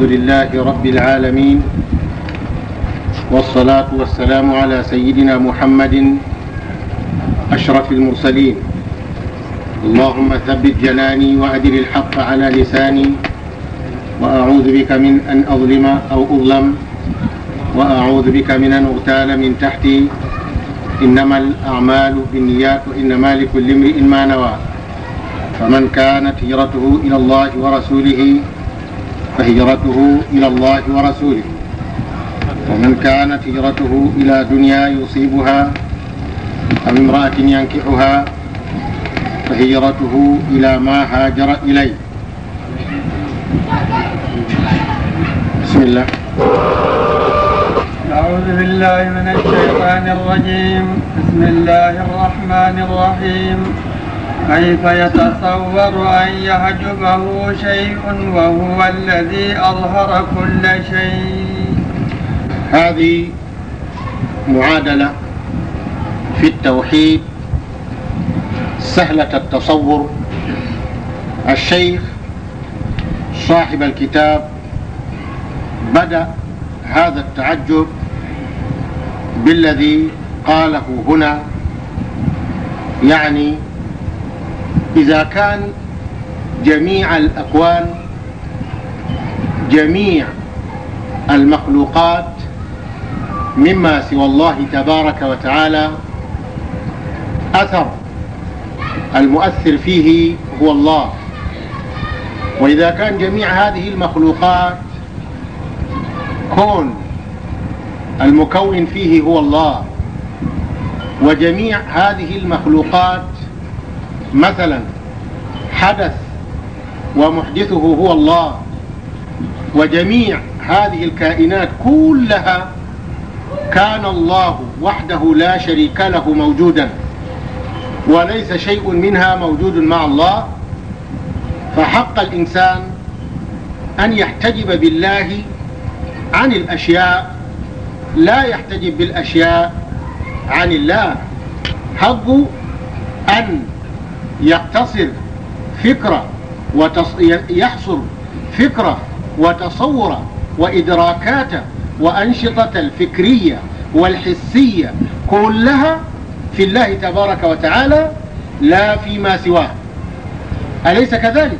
الحمد لله رب العالمين والصلاة والسلام على سيدنا محمد أشرف المرسلين اللهم ثبت جناني وأدل الحق على لساني وأعوذ بك من أن أظلم أو أظلم وأعوذ بك من أن أغتال من تحتي إنما الأعمال بالنيات وإنما لكل امرئ ما نوى فمن كانت هجرته إلى الله ورسوله فهجرته إلى الله ورسوله ومن كانت هجرته إلى دنيا يصيبها أو امرأة ينكحها فهجرته إلى ما هاجر إليه بسم الله أعوذ بالله من الشيطان الرجيم بسم الله الرحمن الرحيم كيف يتصور أن يحجبه شيء وهو الذي أظهر كل شيء هذه معادلة في التوحيد سهلة التصور الشيخ صاحب الكتاب بدأ هذا التعجب بالذي قاله هنا يعني إذا كان جميع الأكوان جميع المخلوقات مما سوى الله تبارك وتعالى أثر المؤثر فيه هو الله وإذا كان جميع هذه المخلوقات كون المكون فيه هو الله وجميع هذه المخلوقات مثلا حدث ومحدثه هو الله وجميع هذه الكائنات كلها كان الله وحده لا شريك له موجودا وليس شيء منها موجود مع الله فحق الإنسان أن يحتجب بالله عن الأشياء لا يحتجب بالأشياء عن الله حق أن يقتصر فكرة يحصر فكرة وتصور وإدراكات وأنشطة الفكرية والحسية كلها في الله تبارك وتعالى لا فيما سواه أليس كذلك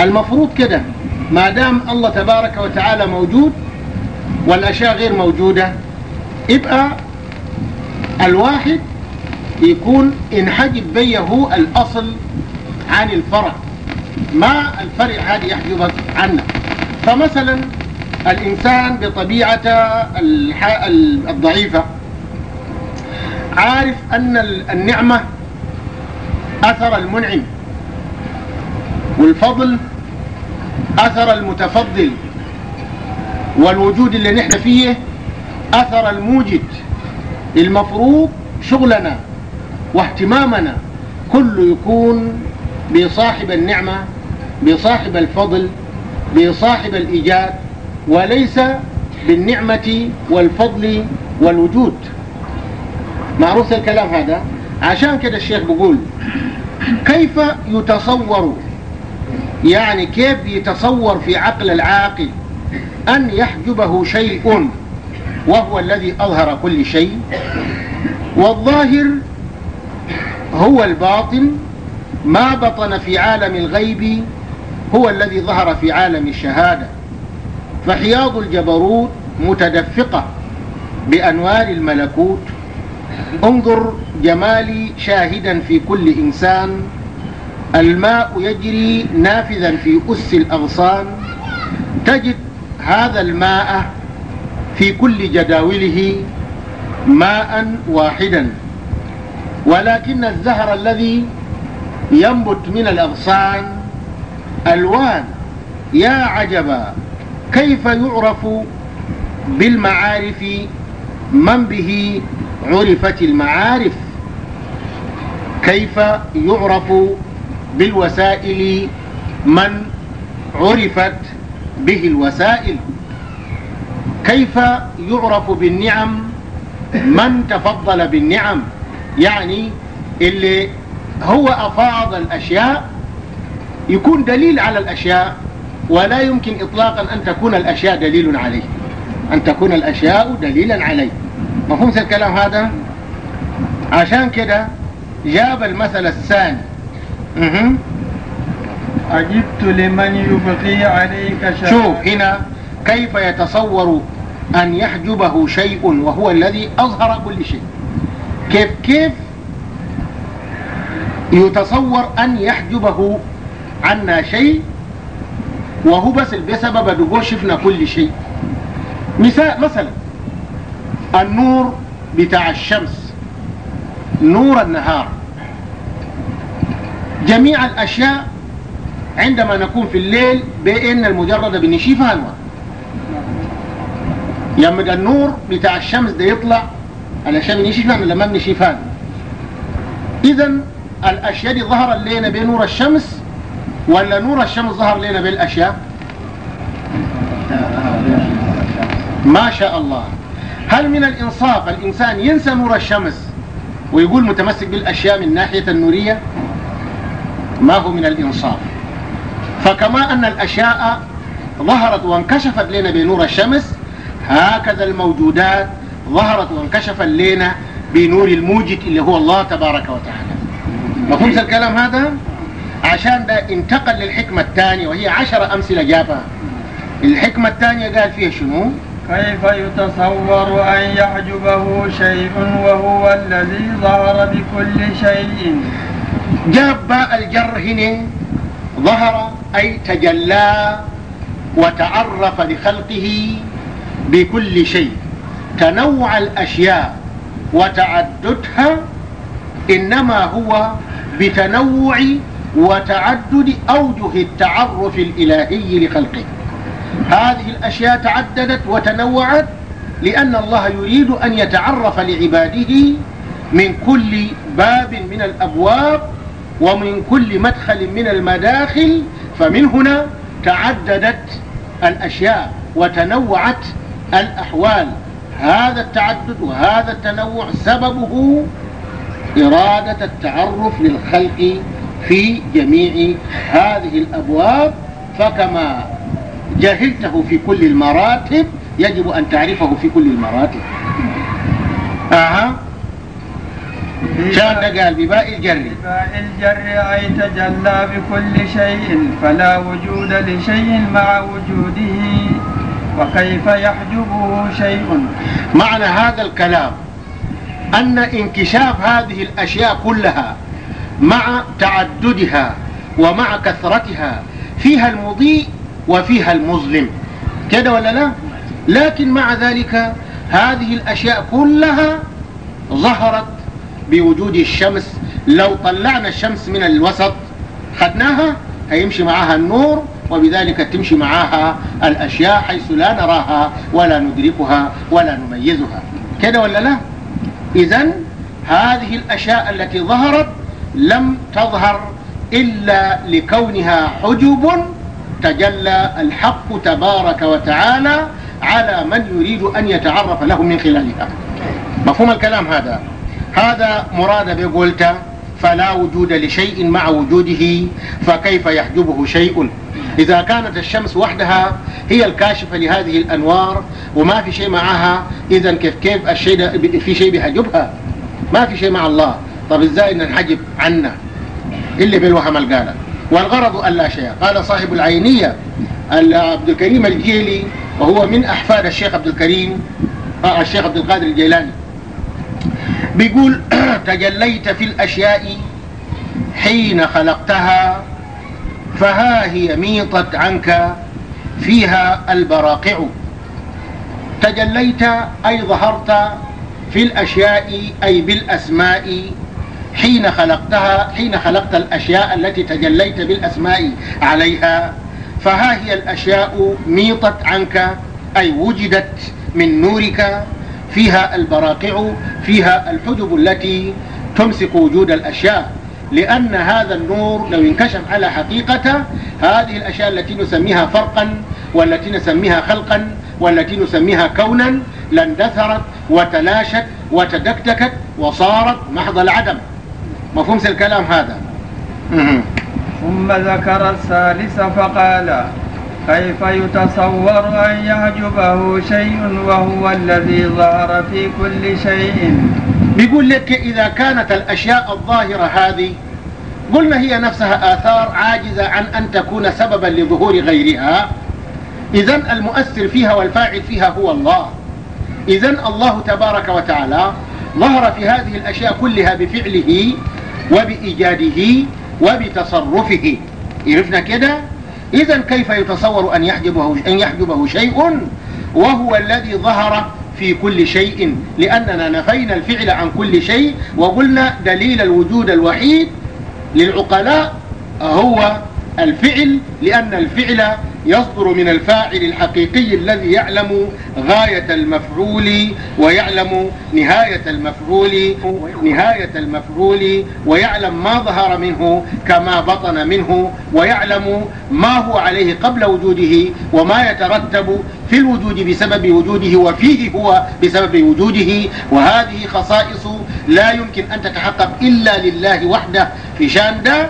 المفروض كده ما دام الله تبارك وتعالى موجود والأشياء غير موجودة يبقى الواحد يكون انحجب بيه هو الأصل عن الفرع ما الفرع هذه يحجبك عنه فمثلا الإنسان بطبيعة الضعيفة عارف أن النعمة أثر المنعم والفضل أثر المتفضل والوجود اللي نحن فيه أثر الموجد المفروض شغلنا واهتمامنا كله يكون بصاحب النعمة بصاحب الفضل بصاحب الإيجاد وليس بالنعمة والفضل والوجود معروف الكلام هذا عشان كده الشيخ بيقول كيف يتصور يعني كيف يتصور في عقل العاقل أن يحجبه شيء وهو الذي أظهر كل شيء والظاهر هو الباطن ما بطن في عالم الغيب هو الذي ظهر في عالم الشهادة فحياض الجبروت متدفقة بأنوار الملكوت انظر جمالي شاهدا في كل إنسان الماء يجري نافذا في أس الأغصان تجد هذا الماء في كل جداوله ماء واحدا ولكن الزهر الذي ينبت من الأغصان ألوان يا عجبا كيف يعرف بالمعارف من به عرفت المعارف كيف يعرف بالوسائل من عرفت به الوسائل كيف يعرف بالنعم من تفضل بالنعم يعني اللي هو أفاض الأشياء يكون دليل على الأشياء ولا يمكن إطلاقا أن تكون الأشياء دليل عليه أن تكون الأشياء دليلا عليه مفهوم الكلام هذا عشان كده جاب المثل الثاني أجبت لمن يبقي عليك شهادة شوف هنا كيف يتصور أن يحجبه شيء وهو الذي أظهر كل شيء كيف كيف يتصور أن يحجبه عنا شيء وهو بس بسبب دقو شفنا كل شيء مثال مثلا النور بتاع الشمس نور النهار جميع الأشياء عندما نكون في الليل بأن المجرد بنشيفها أنواع لما النور بتاع الشمس ده يطلع الأشياء بنشيفان ولا ما بنشيفان إذا الأشياء دي ظهر لنا بنور الشمس ولا نور الشمس ظهر لنا بالأشياء ما شاء الله هل من الإنصاف الإنسان ينسى نور الشمس ويقول متمسك بالأشياء من ناحية النورية ما هو من الإنصاف فكما أن الأشياء ظهرت وانكشفت لنا بنور الشمس هكذا الموجودات ظهرت وانكشف لنا بنور الموجد اللي هو الله تبارك وتعالى مفهوم الكلام هذا عشان ده انتقل للحكمة الثانية وهي عشر أمثلة جابها الحكمة الثانية قال فيها شنو كيف يتصور أن يحجبه شيء وهو الذي ظهر بكل شيء جاب باء الجر هنا ظهر أي تجلى وتعرف لخلقه بكل شيء تنوع الأشياء وتعددها إنما هو بتنوع وتعدد أوجه التعرف الإلهي لخلقه هذه الأشياء تعددت وتنوعت لأن الله يريد أن يتعرف لعباده من كل باب من الأبواب ومن كل مدخل من المداخل فمن هنا تعددت الأشياء وتنوعت الأحوال هذا التعدد وهذا التنوع سببه إرادة التعرف للخلق في جميع هذه الأبواب فكما جهلته في كل المراتب يجب أن تعرفه في كل المراتب أها شان قال بباء الجر بباء الجر أي تجلى بكل شيء فلا وجود لشيء مع وجوده وكيف يحجبه شيء معنى هذا الكلام أن انكشاف هذه الأشياء كلها مع تعددها ومع كثرتها فيها المضيء وفيها المظلم كده ولا لا لكن مع ذلك هذه الأشياء كلها ظهرت بوجود الشمس لو طلعنا الشمس من الوسط خدناها هيمشي معها النور وبذلك تمشي معاها الأشياء حيث لا نراها ولا ندركها ولا نميزها كده ولا لا؟ إذا هذه الأشياء التي ظهرت لم تظهر إلا لكونها حجب تجلى الحق تبارك وتعالى على من يريد أن يتعرف له من خلالها مفهوم الكلام هذا هذا مراد بقولته فلا وجود لشيء مع وجوده فكيف يحجبه شيء إذا كانت الشمس وحدها هي الكاشفة لهذه الأنوار وما في شيء معها إذا كيف كيف الشيء في شيء بيحجبها ما في شيء مع الله طب إزاي ننحجب عنا اللي بالوهم القالة والغرض ألا شيء قال صاحب العينية عبد الكريم الجيلي وهو من أحفاد الشيخ عبد الكريم آه، الشيخ عبد القادر الجيلاني بيقول تجليت في الأشياء حين خلقتها فها هي ميطت عنك فيها البراقع تجليت أي ظهرت في الأشياء أي بالأسماء حين خلقتها حين خلقت الأشياء التي تجليت بالأسماء عليها فها هي الأشياء ميطت عنك أي وجدت من نورك فيها البراقع فيها الحجب التي تمسك وجود الأشياء لأن هذا النور لو انكشف على حقيقته هذه الأشياء التي نسميها فرقا والتي نسميها خلقا والتي نسميها كونا لاندثرت وتلاشت وتدكتكت وصارت محض العدم مفهوم الكلام هذا ثم ذكر الثالث فقال كيف يتصور أن يعجبه شيء وهو الذي ظهر في كل شيء بيقول لك إذا كانت الأشياء الظاهرة هذه قلنا هي نفسها آثار عاجزة عن أن تكون سببا لظهور غيرها إذا المؤثر فيها والفاعل فيها هو الله إذا الله تبارك وتعالى ظهر في هذه الأشياء كلها بفعله وبإيجاده وبتصرفه عرفنا كده إذا كيف يتصور أن يحجبه, أن يحجبه شيء وهو الذي ظهر في كل شيء لأننا نفينا الفعل عن كل شيء وقلنا دليل الوجود الوحيد للعقلاء هو الفعل لأن الفعل يصدر من الفاعل الحقيقي الذي يعلم غاية المفعول ويعلم نهاية المفعول نهاية المفعول ويعلم ما ظهر منه كما بطن منه ويعلم ما هو عليه قبل وجوده وما يترتب في الوجود بسبب وجوده وفيه هو بسبب وجوده وهذه خصائص لا يمكن أن تتحقق إلا لله وحده في شان ده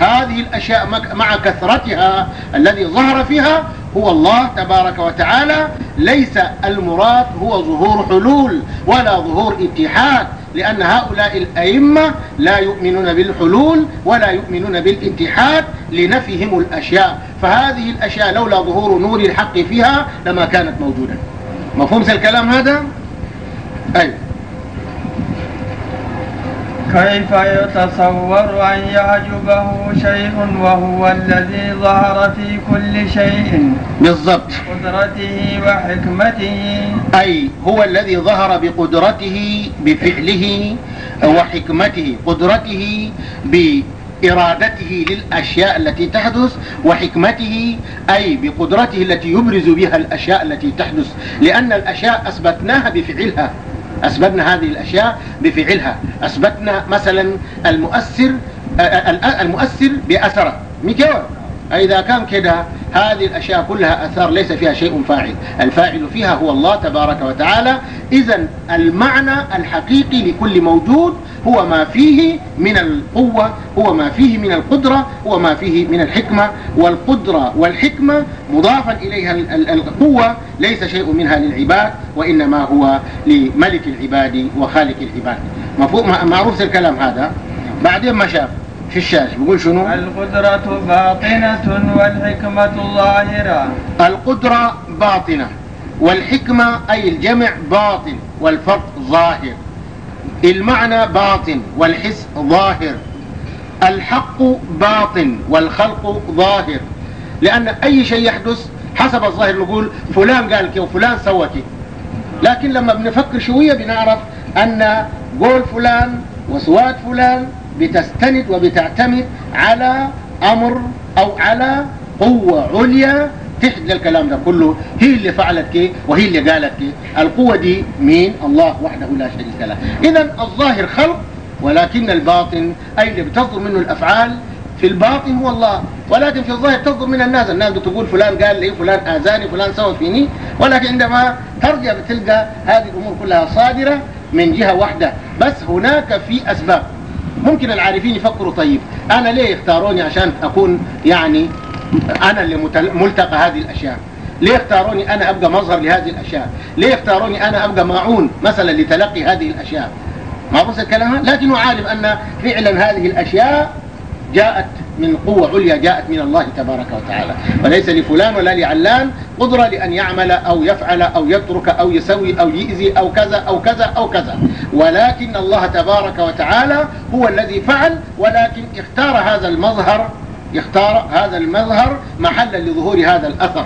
هذه الأشياء مع كثرتها الذي ظهر فيها هو الله تبارك وتعالى ليس المراد هو ظهور حلول ولا ظهور اتحاد لأن هؤلاء الأئمة لا يؤمنون بالحلول ولا يؤمنون بالاتحاد لنفيهم الأشياء فهذه الأشياء لولا ظهور نور الحق فيها لما كانت موجودة مفهوم الكلام هذا؟ أيوه كيف يتصور أن يعجبه شيء وهو الذي ظهر في كل شيء بالضبط قدرته وحكمته أي هو الذي ظهر بقدرته بفعله وحكمته قدرته ب إرادته للأشياء التي تحدث وحكمته أي بقدرته التي يبرز بها الأشياء التي تحدث لأن الأشياء أثبتناها بفعلها أثبتنا هذه الأشياء بفعلها أثبتنا مثلا المؤثر آه، آه، آه، المؤثر بأثره ميكاور إذا كان كده هذه الأشياء كلها أثار ليس فيها شيء فاعل الفاعل فيها هو الله تبارك وتعالى إذا المعنى الحقيقي لكل موجود هو ما فيه من القوة هو ما فيه من القدرة هو ما فيه من الحكمة والقدرة والحكمة مضافا إليها القوة ليس شيء منها للعباد وإنما هو لملك العباد وخالق العباد معروف الكلام هذا بعدين ما شاف في الشارع بيقول شنو القدرة باطنة والحكمة ظاهرة القدرة باطنة والحكمة أي الجمع باطن والفرق ظاهر المعنى باطن والحس ظاهر الحق باطن والخلق ظاهر لأن أي شيء يحدث حسب الظاهر نقول فلان قال كي وفلان سوى كي لكن لما بنفكر شوية بنعرف أن قول فلان وسواد فلان بتستند وبتعتمد على أمر أو على قوة عليا تحدى الكلام ده كله هي اللي فعلت كي وهي اللي قالت كي القوة دي مين الله وحده لا شريك له إذا الظاهر خلق ولكن الباطن أي اللي بتصدر منه الأفعال في الباطن هو الله ولكن في الظاهر تظهر من الناس الناس بتقول فلان قال لي فلان آذاني فلان سوى فيني ولكن عندما ترجع بتلقى هذه الأمور كلها صادرة من جهة واحدة بس هناك في أسباب ممكن العارفين يفكروا طيب انا ليه اختاروني عشان اكون يعني انا اللي ملتقى هذه الاشياء ليه اختاروني انا ابقى مظهر لهذه الاشياء ليه اختاروني انا ابقى معون مثلا لتلقي هذه الاشياء ما بس الكلام لكنه عارف ان فعلا هذه الاشياء جاءت من قوة عليا جاءت من الله تبارك وتعالى وليس لفلان ولا لعلان قدرة لأن يعمل أو يفعل أو يترك أو يسوي أو يئذي أو كذا أو كذا أو كذا ولكن الله تبارك وتعالى هو الذي فعل ولكن اختار هذا المظهر اختار هذا المظهر محلا لظهور هذا الأثر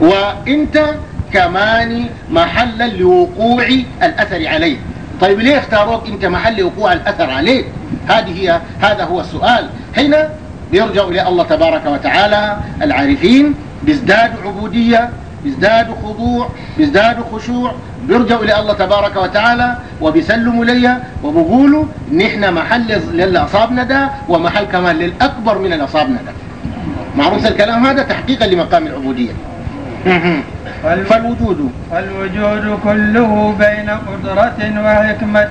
وأنت كمان محلا لوقوع الأثر عليه طيب ليه اختاروك انت محل وقوع الاثر عليك هذه هي هذا هو السؤال هنا يرجع الى الله تبارك وتعالى العارفين بيزدادوا عبوديه بيزدادوا خضوع بيزدادوا خشوع بيرجعوا الى الله تبارك وتعالى وبيسلموا ليا وبقولوا نحن محل للاصابنا ده ومحل كمان للاكبر من الاصابنا ده معروف الكلام هذا تحقيقا لمقام العبوديه فالوجود الوجود كله بين قدرة وحكمة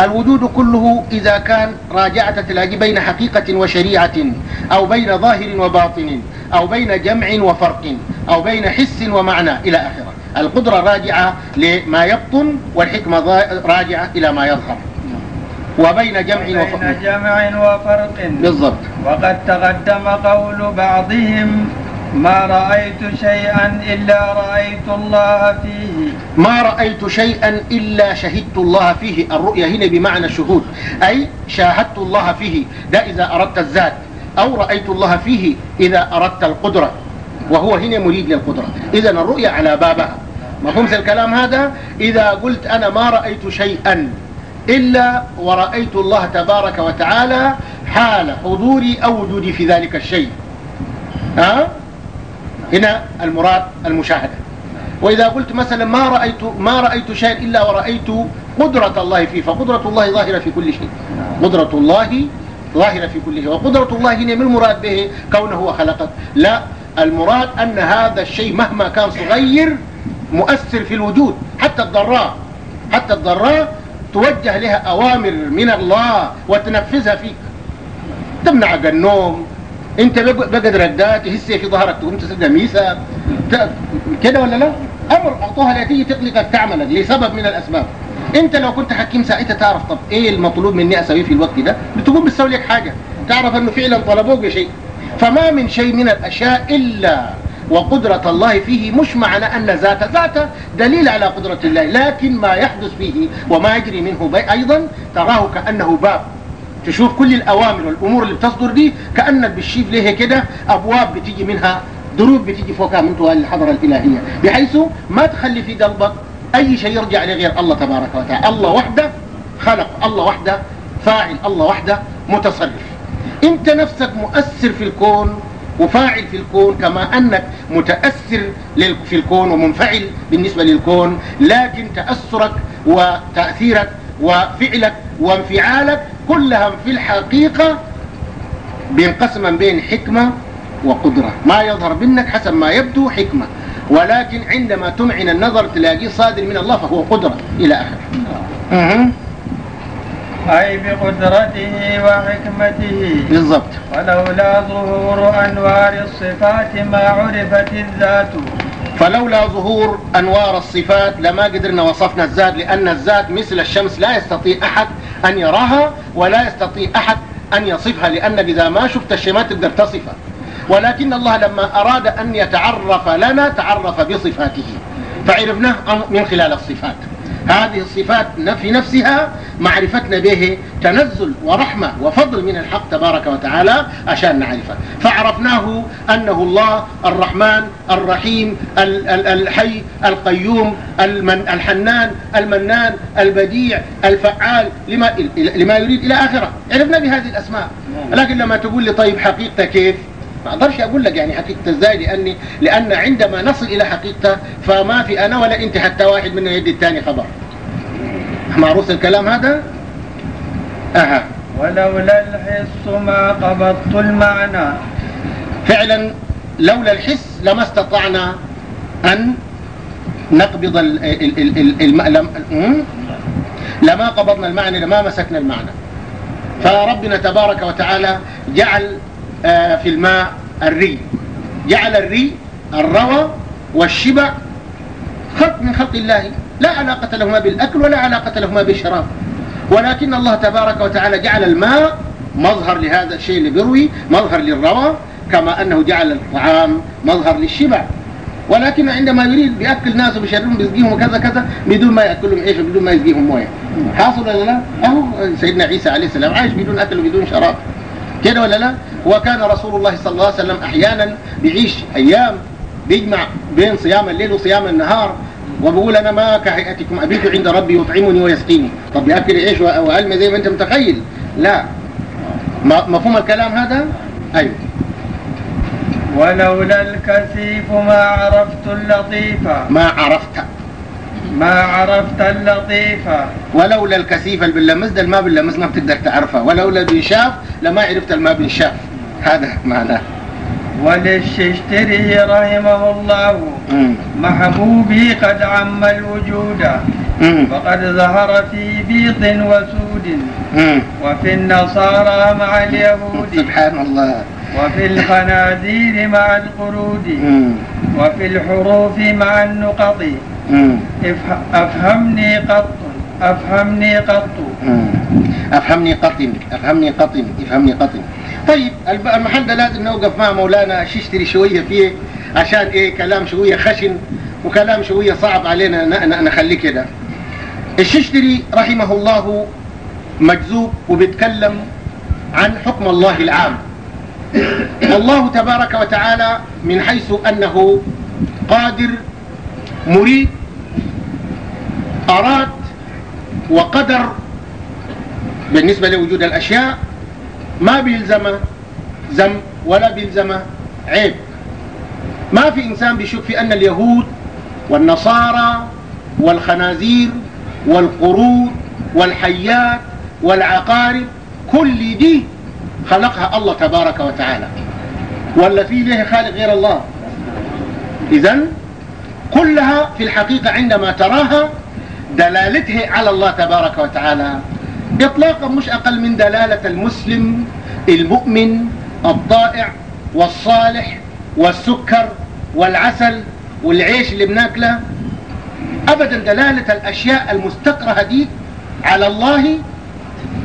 الوجود كله إذا كان راجعة تلاقي بين حقيقة وشريعة أو بين ظاهر وباطن أو بين جمع وفرق أو بين حس ومعنى إلى آخره القدرة راجعة لما يبطن والحكمة راجعة إلى ما يظهر وبين جمع وفرق وبين جمع وفرق بالضبط وقد تقدم قول بعضهم ما رأيت شيئا إلا رأيت الله فيه ما رأيت شيئا إلا شهدت الله فيه الرؤية هنا بمعنى الشهود أي شاهدت الله فيه ده إذا أردت الذات أو رأيت الله فيه إذا أردت القدرة وهو هنا مريد للقدرة إذا الرؤية على بابها مفهوم الكلام هذا إذا قلت أنا ما رأيت شيئا إلا ورأيت الله تبارك وتعالى حال حضوري أو وجودي في ذلك الشيء ها أه؟ هنا المراد المشاهدة وإذا قلت مثلا ما رأيت ما رأيت شيئا إلا ورأيت قدرة الله فيه فقدرة الله ظاهرة في كل شيء قدرة الله ظاهرة في كل شيء وقدرة الله هنا ما المراد به كونه هو خلقك لا المراد أن هذا الشيء مهما كان صغير مؤثر في الوجود حتى الضراء حتى الضراء توجه لها أوامر من الله وتنفذها فيك تمنعك النوم انت بقد ردات تهسي في ظهرك تقوم تسد ميسا كده ولا لا امر اعطوها لا تيجي تقلقك تعمل لسبب من الاسباب انت لو كنت حكيم ساعتها تعرف طب ايه المطلوب مني اسويه في الوقت ده بتقوم بتسوي لك حاجه تعرف انه فعلا طلبوك بشيء فما من شيء من الاشياء الا وقدرة الله فيه مش معنى أن ذات ذات دليل على قدرة الله لكن ما يحدث فيه وما يجري منه أيضا تراه كأنه باب تشوف كل الاوامر والامور اللي بتصدر دي كانك بتشيف ليها كده ابواب بتيجي منها دروب بتيجي فوقها من طوال الحضره الالهيه بحيث ما تخلي في قلبك اي شيء يرجع لغير الله تبارك وتعالى الله وحده خلق الله وحده فاعل الله وحده متصرف انت نفسك مؤثر في الكون وفاعل في الكون كما انك متاثر في الكون ومنفعل بالنسبه للكون لكن تاثرك وتاثيرك وفعلك وانفعالك كلها في الحقيقة بينقسما بين حكمة وقدرة ما يظهر منك حسب ما يبدو حكمة ولكن عندما تمعن النظر تلاقيه صادر من الله فهو قدرة إلى آخره أي بقدرته وحكمته بالضبط ولولا ظهور أنوار الصفات ما عرفت الذات فلولا ظهور أنوار الصفات لما قدرنا وصفنا الذات لأن الذات مثل الشمس لا يستطيع أحد أن يراها ولا يستطيع أحد أن يصفها لأنك إذا ما شفت الشيء ما تقدر تصفه ولكن الله لما أراد أن يتعرف لنا تعرف بصفاته فعرفناه من خلال الصفات هذه الصفات في نفسها معرفتنا به تنزل ورحمة وفضل من الحق تبارك وتعالى عشان نعرفه فعرفناه أنه الله الرحمن الرحيم الحي القيوم الحنان المنان البديع الفعال لما, لما يريد إلى آخره عرفنا بهذه الأسماء نعم. لكن لما تقول لي طيب حقيقته كيف ما اقدرش اقول لك يعني حقيقته ازاي لاني لان عندما نصل الى حقيقته فما في انا ولا انت حتى واحد منا يدي الثاني خبر معروف الكلام هذا اها ولولا الحس ما قبضت المعنى فعلا لولا الحس لما استطعنا ان نقبض ال ال ال ال ال ال لما قبضنا المعنى لما مسكنا المعنى فربنا تبارك وتعالى جعل آه، في الماء الري جعل الري الروى والشبع خلق من خلق الله لا علاقة لهما بالأكل ولا علاقة لهما بالشراب ولكن الله تبارك وتعالى جعل الماء مظهر لهذا الشيء اللي بيروي مظهر للروى كما أنه جعل الطعام مظهر للشبع ولكن عندما يريد بياكل ناس وبيشربهم بيسقيهم وكذا كذا بدون ما ياكلهم عيش وبدون ما يسقيهم مويه حاصل ولا لا؟ اهو سيدنا عيسى عليه السلام عايش بدون اكل وبدون شراب كده ولا لا؟ وكان رسول الله صلى الله عليه وسلم احيانا بيعيش ايام بيجمع بين صيام الليل وصيام النهار وبقول انا ما كهيئتكم ابيت عند ربي يطعمني ويسقيني طب بياكل عيش وقلمه زي ما انت متخيل لا مفهوم الكلام هذا ايوه ولولا الكثيف ما عرفت اللطيفة ما عرفت ما عرفت اللطيفة ولولا الكثيفة اللي باللمس ده باللمس ما بتقدر تعرفه ولولا بيشاف لما عرفت الما بيشاف هذا معناه وللششتري رحمه الله محبوبي قد عم الوجود وقد ظهر في بيض وسود وفي النصارى مع اليهود سبحان الله وفي الخنازير مع القرود وفي الحروف مع النقط أفهمني قط أفهمني قط أفهمني قط أفهمني قط أفهمني قط طيب المحل ده لازم نوقف مع مولانا اشتري شوية فيه عشان إيه كلام شوية خشن وكلام شوية صعب علينا نخليه كده الششتري رحمه الله مجذوب وبيتكلم عن حكم الله العام الله تبارك وتعالى من حيث أنه قادر مريد أراد وقدر بالنسبة لوجود الأشياء ما بيلزم زم ولا بيلزم عيب ما في إنسان بيشك في أن اليهود والنصارى والخنازير والقرود والحيات والعقارب كل دي خلقها الله تبارك وتعالى ولا في له خالق غير الله إذا كلها في الحقيقة عندما تراها دلالته على الله تبارك وتعالى إطلاقا مش أقل من دلالة المسلم المؤمن الضائع والصالح والسكر والعسل والعيش اللي بناكله أبدا دلالة الأشياء المستكرهة دي على الله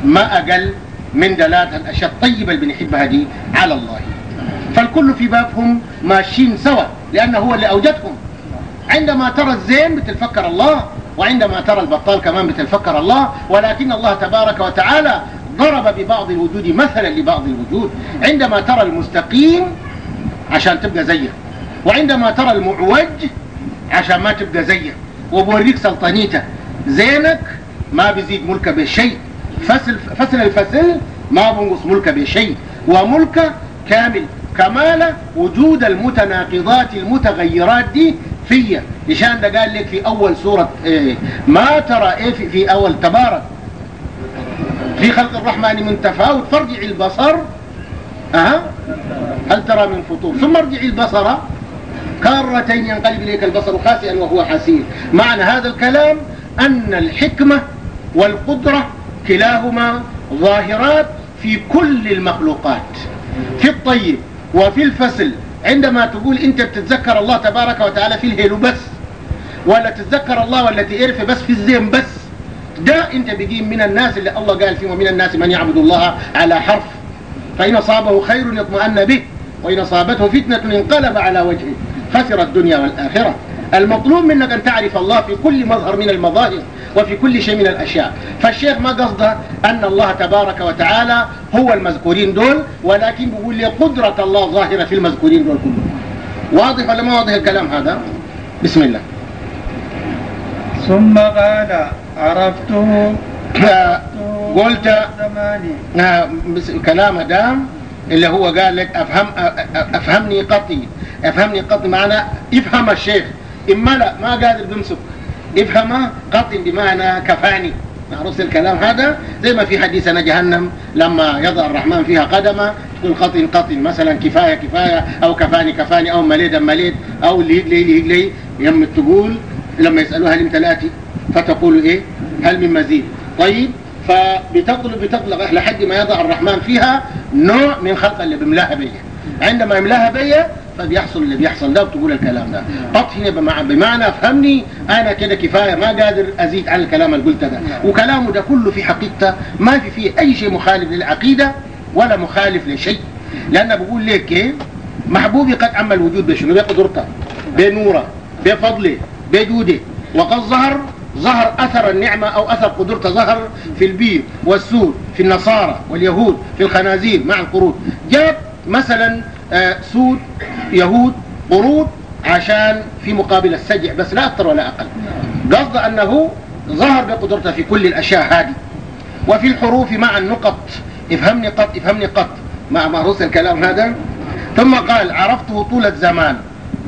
ما أقل من دلالة الأشياء الطيبة اللي بنحبها دي على الله فالكل في بابهم ماشيين سوا لأنه هو اللي أوجدهم عندما ترى الزين بتفكر الله وعندما ترى البطال كمان بتفكر الله ولكن الله تبارك وتعالى ضرب ببعض الوجود مثلا لبعض الوجود عندما ترى المستقيم عشان تبقى زيه وعندما ترى المعوج عشان ما تبقى زيه وبوريك سلطنيته زينك ما بيزيد ملكه بشيء فصل فصل الفصل ما بنقص ملكه بشيء وملكه كامل كمال وجود المتناقضات المتغيرات دي فيا نشان ده قال لك في أول سورة إيه ما ترى إيه في, في أول تبارك في خلق الرحمن من تفاوت فارجع البصر اها هل ترى من فطور ثم ارجع البصر كارتين ينقلب إليك البصر خاسئا وهو حسير معنى هذا الكلام أن الحكمة والقدرة كلاهما ظاهرات في كل المخلوقات في الطيب وفي الفسل عندما تقول انت بتتذكر الله تبارك وتعالى في الهيلو بس ولا تتذكر الله ولا تعرف بس في الزين بس ده انت بقيم من الناس اللي الله قال فيهم ومن الناس من يعبد الله على حرف فان اصابه خير يطمئن به وان اصابته فتنه انقلب على وجهه خسر الدنيا والاخره المطلوب منك ان تعرف الله في كل مظهر من المظاهر وفي كل شيء من الأشياء فالشيخ ما قصده أن الله تبارك وتعالى هو المذكورين دول ولكن بيقول لي قدرة الله ظاهرة في المذكورين دول كلهم واضح ولا ما واضح الكلام هذا بسم الله ثم قال عرفته آه، قلت آه، كلام دام اللي هو قال لك افهم آه، افهمني قطي افهمني قطي معناه افهم الشيخ اما لا ما قادر بمسك افهم قط بمعنى كفاني معروف الكلام هذا زي ما في حديث أنا جهنم لما يضع الرحمن فيها قدمه تقول قطن قطن مثلا كفاية كفاية أو كفاني كفاني أو مليد مليد أو ليد لي ليد لي يم تقول لما يسألوها امتلأتي فتقول إيه هل من مزيد طيب فبتطلب بتطلب لحد ما يضع الرحمن فيها نوع من خلق اللي بملاها بيه عندما يملاها بيه فبيحصل اللي بيحصل ده وبتقول الكلام ده تطهية نعم. بمعنى افهمني انا كده كفايه ما قادر ازيد على الكلام اللي قلته ده نعم. وكلامه ده كله في حقيقته ما في فيه اي شيء مخالف للعقيده ولا مخالف لشيء لان بقول لك ايه محبوبي قد عم الوجود بشنو بقدرته بنوره بفضله بجوده وقد ظهر ظهر اثر النعمه او اثر قدرته ظهر في البيض والسود في النصارى واليهود في الخنازير مع القرود جاب مثلا آه، سود يهود قروض عشان في مقابل السجع بس لا أكثر ولا أقل قصد أنه ظهر بقدرته في كل الأشياء هذه وفي الحروف مع النقط افهمني قط افهمني قط مع مهروس الكلام هذا ثم قال عرفته طول الزمان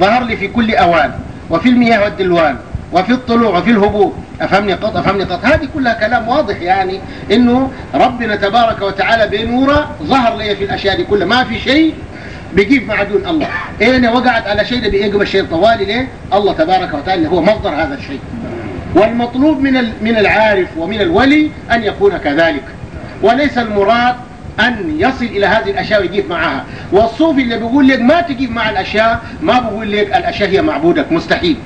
ظهر لي في كل أوان وفي المياه والدلوان وفي الطلوع وفي الهبوط افهمني قط افهمني قط هذه كلها كلام واضح يعني انه ربنا تبارك وتعالى بنوره ظهر لي في الاشياء دي كلها ما في شيء بيجيب مع دون الله اين وقعت على شيء ده بيقوم الشيء طوالي ليه الله تبارك وتعالى هو مصدر هذا الشيء والمطلوب من من العارف ومن الولي ان يكون كذلك وليس المراد ان يصل الى هذه الاشياء ويجيب معها والصوفي اللي بيقول لك ما تجيب مع الاشياء ما بيقول لك الاشياء هي معبودك مستحيل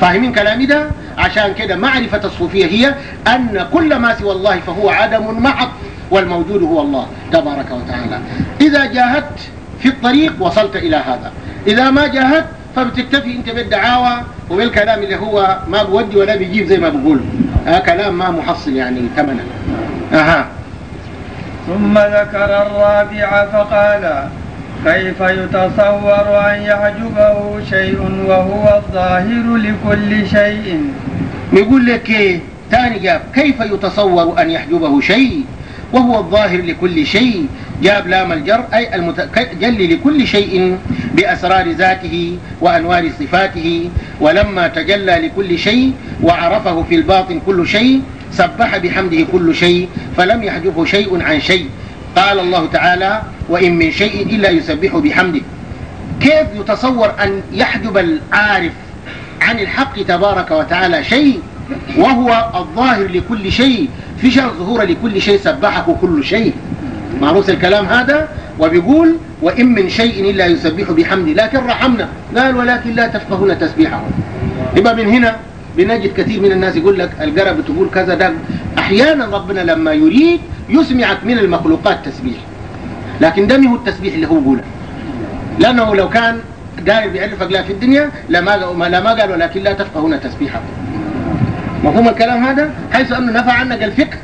فاهمين كلامي ده عشان كده معرفة الصوفية هي أن كل ما سوى الله فهو عدم محض والموجود هو الله تبارك وتعالى إذا جاهدت في الطريق وصلت إلى هذا إذا ما جاهدت فبتكتفي أنت بالدعاوى وبالكلام اللي هو ما بودي ولا بيجيب زي ما بقول هذا آه، كلام ما محصل يعني ثمنا أها ثم ذكر الرابع فقال كيف يتصور أن يعجبه شيء وهو الظاهر لكل شيء يقول لك ثاني إيه؟ جاب كيف يتصور أن يحجبه شيء وهو الظاهر لكل شيء جاب لام الجر أي المتجلي لكل شيء بأسرار ذاته وأنوار صفاته ولما تجلى لكل شيء وعرفه في الباطن كل شيء سبح بحمده كل شيء فلم يحجبه شيء عن شيء قال الله تعالى وإن من شيء إلا يسبح بحمده كيف يتصور أن يحجب العارف عن الحق تبارك وتعالى شيء وهو الظاهر لكل شيء فشان ظهور لكل شيء سبحه كل شيء معروف الكلام هذا وبيقول وإن من شيء إلا يسبح بحمده لكن رحمنا قال ولكن لا تفقهون تسبيحه يبقى من هنا بنجد كثير من الناس يقول لك القرب تقول كذا ده أحيانا ربنا لما يريد يسمعك من المخلوقات تسبيح لكن ده هو التسبيح اللي هو بيقوله لأنه لو كان داير بيعرفك لا في الدنيا لما لما قال ولكن لا تفقهون تسبيحه مفهوم الكلام هذا حيث أنه نفع عنك الفكر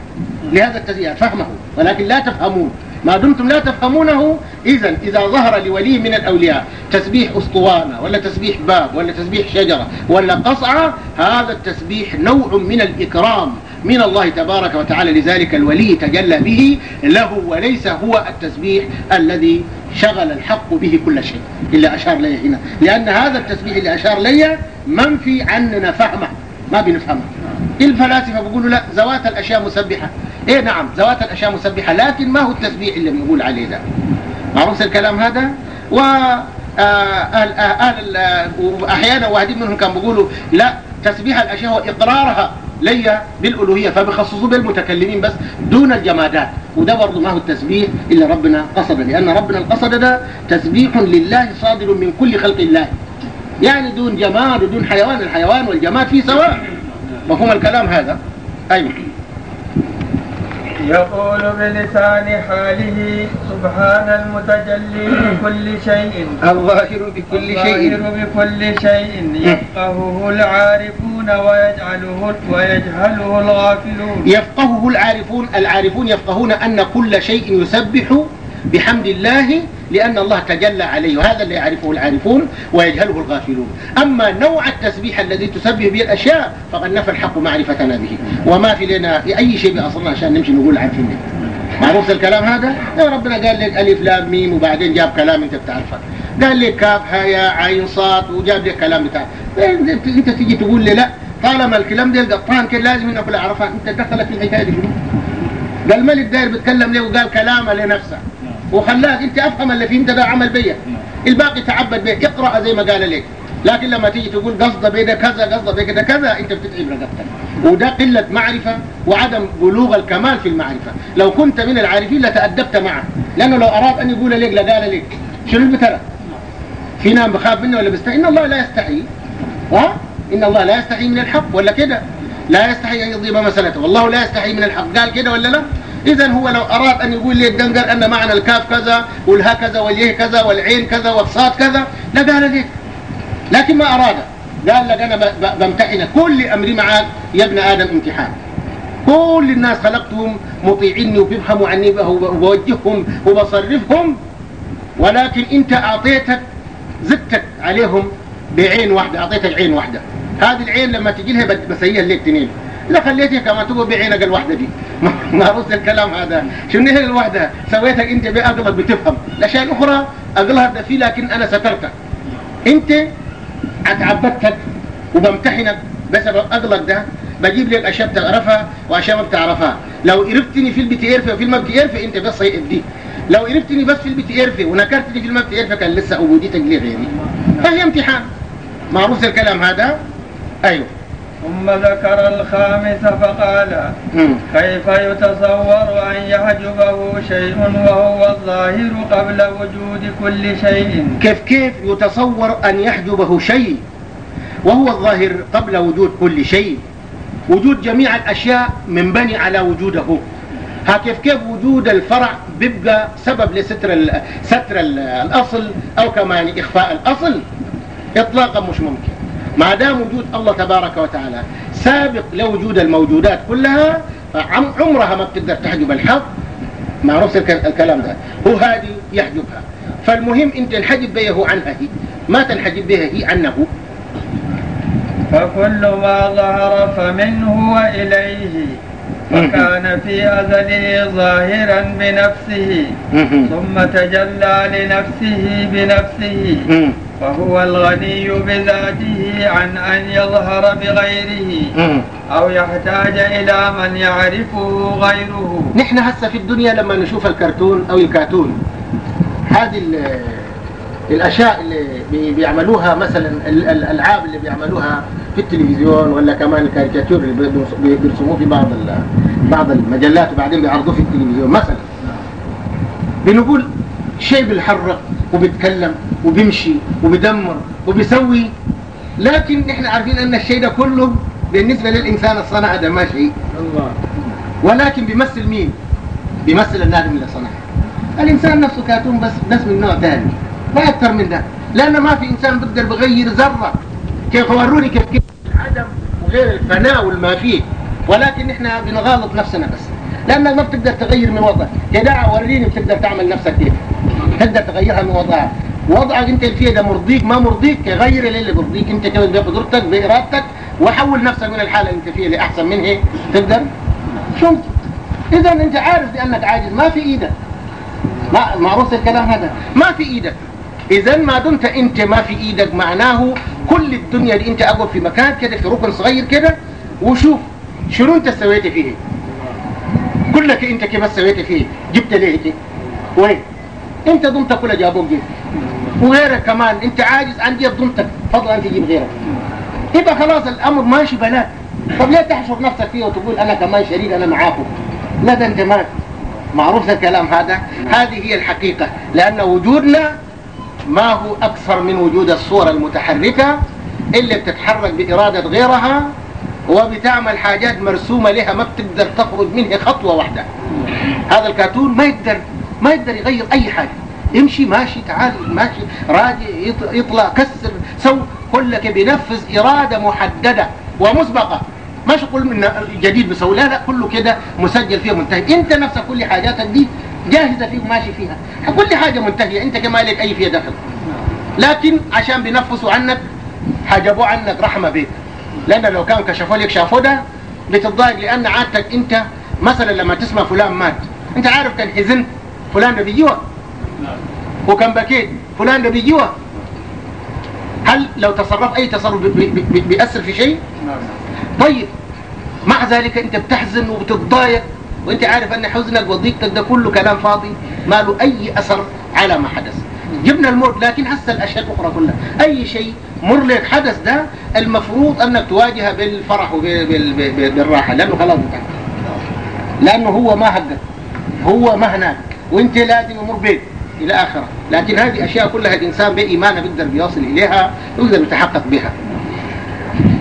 لهذا التزيئة فهمه ولكن لا تفهمون ما دمتم لا تفهمونه إذا إذا ظهر لولي من الأولياء تسبيح أسطوانة ولا تسبيح باب ولا تسبيح شجرة ولا قصعة هذا التسبيح نوع من الإكرام من الله تبارك وتعالى لذلك الولي تجلى به له وليس هو التسبيح الذي شغل الحق به كل شيء إلا أشار لي هنا لأن هذا التسبيح اللي أشار لي منفي عننا فهمه ما بنفهمه الفلاسفه بيقولوا لا ذوات الاشياء مسبحه ايه نعم ذوات الاشياء مسبحه لكن ما هو التسبيح اللي بنقول عليه ده معروف الكلام هذا و اهل آه، آه، آه، اهل احيانا واحدين منهم كان بيقولوا لا تسبيح الاشياء هو اقرارها ليا بالالوهيه فبيخصصوا بالمتكلمين بس دون الجمادات وده برضه ما هو التسبيح اللي ربنا قصده لان ربنا القصد ده تسبيح لله صادر من كل خلق الله يعني دون جماد ودون حيوان الحيوان والجماد في سواء مفهوم الكلام هذا أيوة يقول بلسان حاله سبحان المتجلي بكل شيء الظاهر بكل شيء الظاهر بكل شيء يفقهه العارفون ويجعله ويجهله الغافلون يفقهه العارفون العارفون يفقهون أن كل شيء يسبح بحمد الله لأن الله تجلى عليه وهذا اللي يعرفه العارفون ويجهله الغافلون أما نوع التسبيح الذي تسبح به الأشياء فقد نفى الحق معرفتنا به وما في لنا في أي شيء بأصلنا عشان نمشي نقول عارفين معروف الكلام هذا؟ يا ربنا قال لك ألف لام ميم وبعدين جاب كلام أنت بتعرفه قال لك كاف هيا عين صاد وجاب لك كلام بتاع إيه، أنت تيجي تقول لي لا طالما الكلام ده القطان كان لازم انك لا بالاعرفان انت دخلت في الحكايه دي قال الملك داير بيتكلم ليه وقال كلامه لنفسه وخلاك انت افهم اللي فيه انت ده عمل بيا الباقي تعبد بيا اقرا زي ما قال لك لكن لما تيجي تقول قصده بيه كذا قصده بيه كذا انت بتتعب رقبتك وده قله معرفه وعدم بلوغ الكمال في المعرفه لو كنت من العارفين لتادبت معه لانه لو اراد ان يقول لك لقال لك شنو البترة في ناس بخاف منه ولا بيستحي ان الله لا يستحي ها ان الله لا يستحي من الحق ولا كده لا يستحي ان يضيب مسألته والله لا يستحي من الحق قال كده ولا لا اذا هو لو اراد ان يقول لي دنقر ان معنى الكاف كذا والها كذا واليه كذا والعين كذا والصاد كذا لقال ليك لكن ما اراد قال لك انا بامتحن كل امري معك يا ابن ادم امتحان كل الناس خلقتهم مطيعيني وبيفهموا عني وبوجههم وبصرفهم ولكن انت اعطيتك زدتك عليهم بعين واحده اعطيتك عين واحده هذه العين لما تجي لها بسيها الليل تنين لا خليتي كما تبغى بعينك الوحده دي ما رص الكلام هذا شنو هي الوحده سويتك انت بعقلك بتفهم الاشياء الاخرى عقلها ده في لكن انا سترتك انت اتعبدتك وبمتحنك بسبب عقلك ده بجيب لك اشياء بتعرفها واشياء ما بتعرفها لو قرفتني في البي تي وفي المب تي انت بس دي لو قرفتني بس في البي تي ونكرتني في المب تي كان لسه تقليل غيري فهي امتحان معروف الكلام هذا ايوه ثم ذكر الخامس فقال كيف يتصور أن يحجبه شيء وهو الظاهر قبل وجود كل شيء كيف كيف يتصور أن يحجبه شيء وهو الظاهر قبل وجود كل شيء وجود جميع الأشياء منبني على وجوده ها كيف كيف وجود الفرع بيبقى سبب لستر الـ ستر الـ الأصل أو كمان يعني إخفاء الأصل إطلاقا مش ممكن ما دام وجود الله تبارك وتعالى سابق لوجود الموجودات كلها عمرها ما بتقدر تحجب الحق معروف الكلام ده هو هذه يحجبها فالمهم انت تنحجب بها هو عنها هي ما تنحجب بها هي عنه فكل ما ظهر فمنه وإليه فكان في أزله ظاهرا بنفسه ثم تجلى لنفسه بنفسه فهو الغني بذاته عن أن يظهر بغيره أو يحتاج إلى من يعرفه غيره نحن هسه في الدنيا لما نشوف الكرتون أو الكرتون هذه الأشياء اللي بيعملوها مثلا الألعاب اللي بيعملوها في التلفزيون ولا كمان الكاريكاتير اللي بيرسموه في بعض بعض المجلات وبعدين بيعرضوه في التلفزيون مثلا بنقول شيء بيتحرك وبيتكلم وبيمشي وبيدمر وبيسوي لكن نحن عارفين ان الشيء ده كله بالنسبه للانسان الصنع ده ما شيء ولكن بيمثل مين؟ بيمثل النادم اللي صنعه الانسان نفسه كاتون بس بس من نوع ثاني لا اكثر من ده لانه ما في انسان بيقدر بغير ذره كيف وروني كيف كيف العدم وغير الفناء والما فيه ولكن احنا بنغالط نفسنا بس لانك ما بتقدر تغير من وضعك يا داع وريني بتقدر تعمل نفسك كيف تقدر تغيرها من وضعك وضعك انت اللي فيه ده مرضيك ما مرضيك غير اللي بيرضيك انت كده بقدرتك بارادتك وحول نفسك من الحاله اللي انت فيها لاحسن منها تقدر شو اذا انت عارف بانك عاجز ما في ايدك ما معروف الكلام هذا ما في ايدك اذا ما دمت انت ما في ايدك معناه كل الدنيا دي انت اقعد في مكان كده في ركن صغير كده وشوف شنو انت سويت فيه كلك انت كيف سويت فيه جبت ليه دي وين انت ضمتك ولا جابوك جيب وغيرك كمان انت عاجز عن جيب ضمتك فضلا تجيب غيرك يبقى خلاص الامر ماشي بلاك طب ليه تحشر نفسك فيه وتقول انا كمان شريك انا معاكم لا ده انت مالك معروف الكلام هذا هذه هي الحقيقة لأن وجودنا ما هو أكثر من وجود الصورة المتحركة اللي بتتحرك بإرادة غيرها وبتعمل حاجات مرسومة لها ما بتقدر تخرج منها خطوة واحدة هذا الكرتون ما يقدر ما يقدر يغير أي حاجة يمشي ماشي تعال ماشي راجع يطلع كسر سو كلك بينفذ إرادة محددة ومسبقة مش كل من جديد بسوي لا لا كله كده مسجل فيه منتهي انت نفسك كل حاجاتك دي جاهزه فيه وماشي فيها كل حاجه منتهيه انت كما لك اي فيها دخل لكن عشان بينفسوا عنك حجبوا عنك رحمه بيك لان لو كانوا كشفوا لك شافوا ده بتتضايق لان عادتك انت مثلا لما تسمع فلان مات انت عارف كان حزنت فلان ده بيجوا وكان بكيت فلان ده بيجوا هل لو تصرف اي تصرف بيأثر في شيء؟ نعم. طيب مع ذلك انت بتحزن وبتتضايق وانت عارف ان حزنك وضيقتك ده كله كلام فاضي ما له اي اثر على ما حدث جبنا الموت لكن هسه الاشياء الاخرى كلها اي شيء مر لك حدث ده المفروض انك تواجهه بالفرح وبالراحه لانه خلاص لانه هو ما حقك هو ما هناك وانت لازم يمر بيت الى اخره لكن هذه اشياء كلها الانسان بايمانه بيقدر يوصل اليها ويقدر يتحقق بها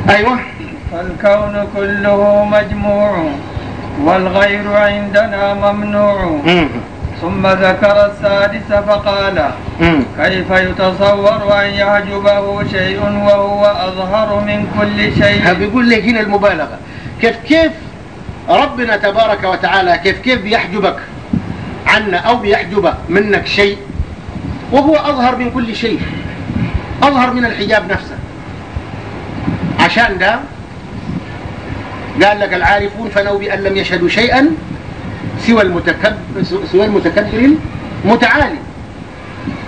ايوه فالكون كله مجموع والغير عندنا ممنوع ثم ذكر السادس فقال كيف يتصور أن يعجبه شيء وهو أظهر من كل شيء بيقول لك هنا المبالغة كيف كيف ربنا تبارك وتعالى كيف كيف بيحجبك عنا أو بيحجب منك شيء وهو أظهر من كل شيء أظهر من الحجاب نفسه عشان ده قال لك العارفون فنوا بأن لم يشهدوا شيئا سوى المتكبر سوى المتكبر المتعالي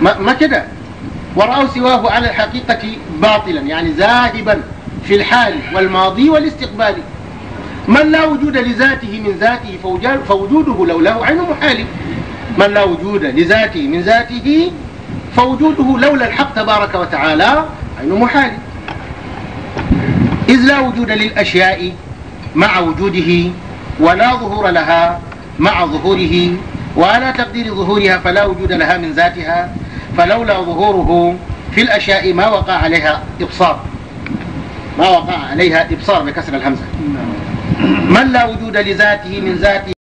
ما كده ورأوا سواه على الحقيقة باطلا يعني ذاهبا في الحال والماضي والاستقبال من لا وجود لذاته من ذاته فوجوده لولاه عين محال من لا وجود لذاته من ذاته فوجوده لولا الحق تبارك وتعالى عين محال إذ لا وجود للأشياء مع وجوده ولا ظهور لها مع ظهوره وعلى تقدير ظهورها فلا وجود لها من ذاتها فلولا ظهوره في الأشياء ما وقع عليها إبصار ما وقع عليها إبصار بكسر الهمزة نعم. من لا وجود لذاته من ذاته